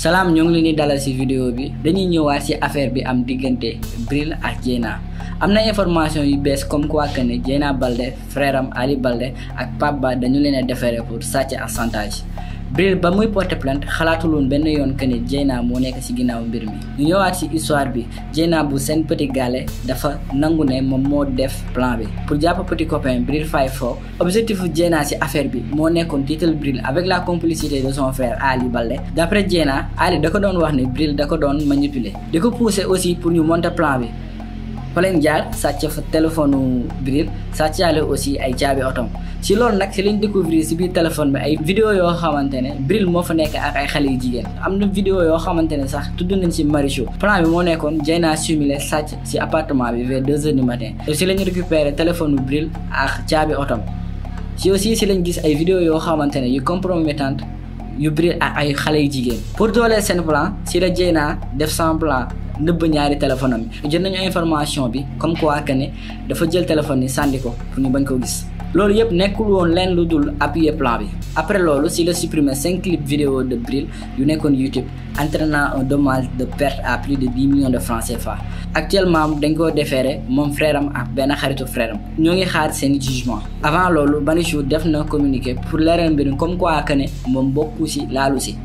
salaam ñoo ngi leen di dalal ci vidéo bi dañuy ñëwaat ci affaire bi am diggante Bril ak Dieyna am na information yu bees comme quoi que ne Dieyna Balde frère am Ali Balde ak Pape Ba dañu leen a defaree pour sàcc ak chantage Bril ba muy porter plainte xalaatuloon benn yoon que ni Dieyna moo nekk ci ginnaaw mbir mi ñu ñëwaat ci histoire bi Dieyna bu seen petit gallé dafa nangu ne moom moo def plan bi pour jàpp petit copain Bril Faye foo objectif Dieyna ci affaire bi moo nekkoon tiital Bril avec la complicité de son frère Ali Baldé d'après Dieyna Ali da doon wax ne Bril da ko doon manipuler di ko pousser aussi pour ñu monter plan bi fa leen jaar sàcc fa téléphone Bril sàccaale aussi ay caabi otom si loolu nag si lañ découvrir si biir téléphone bi ay vidéo yoo xamante ne Bril moo fa nekk ak ay xale yu jigéen am na vidéo yoo xamante ne sax tudd nañ si Marichou plan bi moo nekkoon Dieyna simulé sàcc si appartement bi vers deux heures du matin si lañ récupéré téléphone Bril ak caabi otom si aussi si lañ gis ay vidéo yoo xamante ne yu compromettante yu Bril ak ay xale yu jigéen pour dooleel seen plan si la Dieyna def semblant nëbb ñaari téléphone am yi nañu information bi comme quoi que ne dafa jël téléphone yi sànni ko pour ñu bañ koo gis loolu yëpp nekkul woon leen lu dul appuyer plan bi après loolu si la supprimer cinq clips vidéo de Bril yu nekkoon YouTube entraînant un dommage de perte à plus de 10 millions de francs CFA actuellement dañ koo déféré moom frère am ak benn xaritu frère am ñoo ngi xaar seen jugement avant loolu Bani Jour def na communiqué pour leeral mbir comme quoi que moom bokku si laalu si